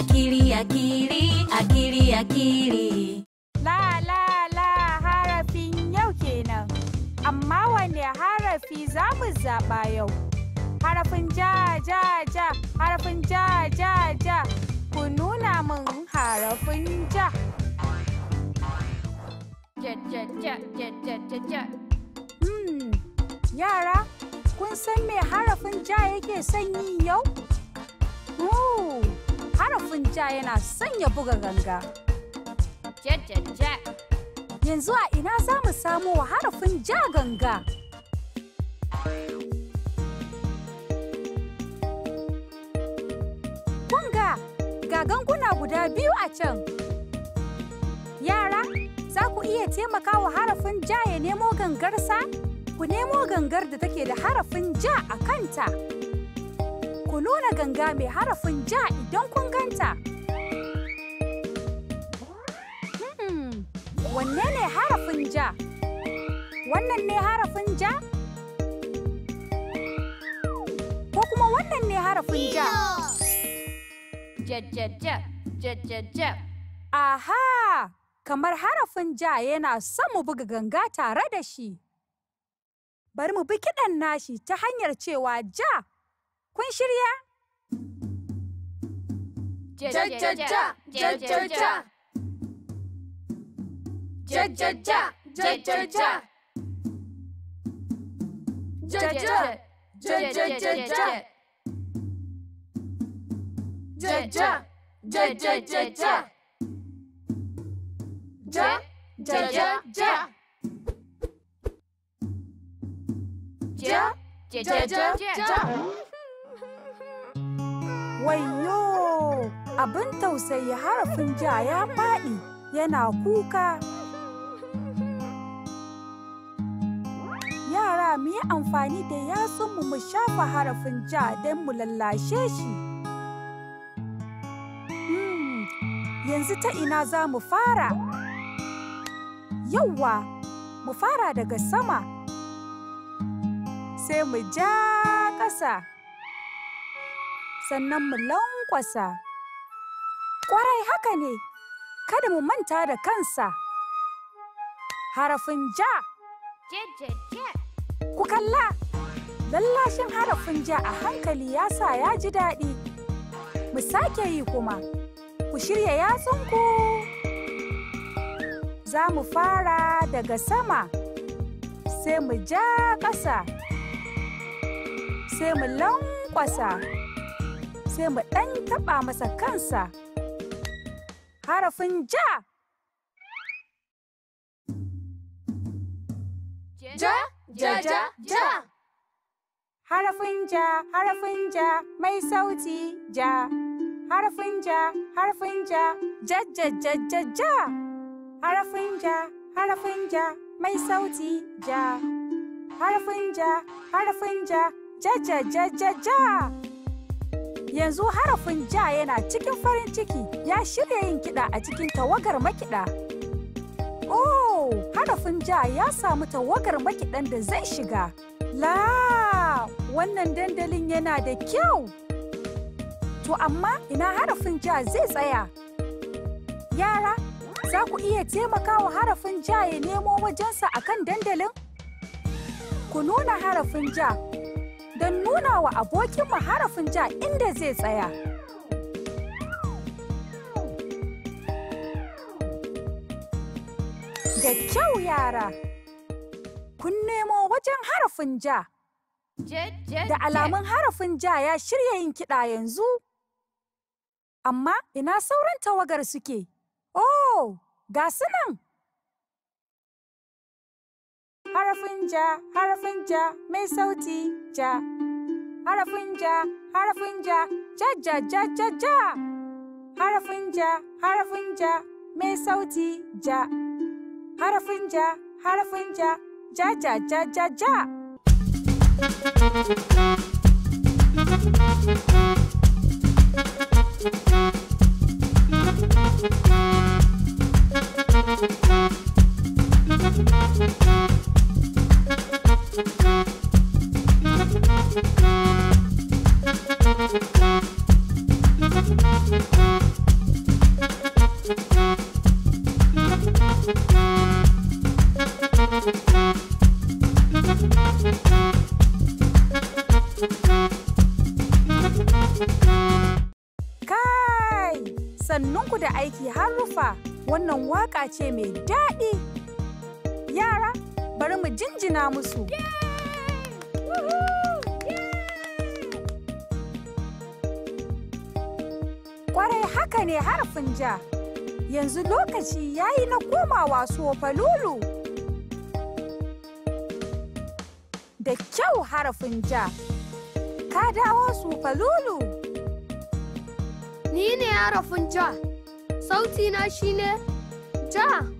akili akili akili akili la la la harafin yau kenan amma wane harafi za mu zaɓa yau harafin ja ja ja harafin ja ja ja ku nuna min harafin ja ja ja ja ja ja ja ja hmm, yara kun san me harafin ja yake sanyi yau? Ooh. harafin ja yana sanya buga ganga. Yanzu a ina za mu samo wa harafin ja ganga? Kunga, ga ganguna guda biyu a can. Yara, za ku iya taimaka wa harafin ja ya nemo gangarsa? Ku nemo gangar da take da harafin ja a kanta. nuna ganga mai harafin ja idan kun ganta. Hmm, wanne ne harafin ja? Wannan ne harafin ja? Ko kuma wannan ne harafin ja? Jajjajja, jajjajja. Aha! Kamar harafin ja yana son mu buga ganga tare da shi. Bari mu bi kiɗan nashi ta hanyar cewa ja Quincheria. Wayyo! Abin tausayi harafin ja ya faɗi yana kuka. Yara mu yi amfani da yatsunmu mu shafa harafin ja don mu lallashe shi. Hmm, yanzu ta ina za mu fara? Yawwa, mu fara daga sama. Sai mu ja ƙasa. sannan mu lankwasa. Kwarai haka ne, kada mu manta da kansa. Harafin ja. Ku kalla, lallashin harafin ja a hankali ya sa ya ji daɗi. Mu sake yi kuma, ku shirya yatsunku. Za mu fara daga sama, sai mu ja ƙasa, sai mu lankwasa. sai mu ɗan taɓa masa kansa. Harafin ja. Ja, ja, ja, ja. Harafin ja, harafin ja, mai sauti ja. Harafin ja, harafin ja, ja, ja, ja, ja, ja. Harafin ja, harafin ja, mai sauti ja. Harafin ja, harafin ja, ja, ja, ja, ja, ja. Yanzu harafin ja yana cikin farin ciki ya shirya yin kiɗa a cikin tawagar makiɗa. Oh, harafin ja ya samu tawagar makiɗan da zai shiga. La, wannan dandalin yana da kyau. To amma ina harafin ja zai tsaya. Yara, za ku iya taimakawa harafin ja ya nemo wajensa akan dandalin? Ku nuna harafin ja don nuna wa abokin harafin ja inda zai tsaya. Da kyau yara, kun nemo wajen harafin ja. Da alamun harafin ja ya shirya yin kiɗa yanzu. Amma ina sauran tawagar suke? Oh, ga su nan! Harafunja, Harafunja, me sauti ja Harafunja, Harafunja, ja ja ja ja ja Harafunja, harafin me ja sauti ja harafin ja ja ja ja ja ja ja Thank you. da aiki har rufa wannan waka ce mai daɗi. Yara, bari mu jinjina musu. Kwarai haka ne harfin ja, yanzu lokaci ya yi na komawa falulu. Da kyau harfin ja, ka dawo falulu. Ni ne harafin ja. Sauti na shine ja.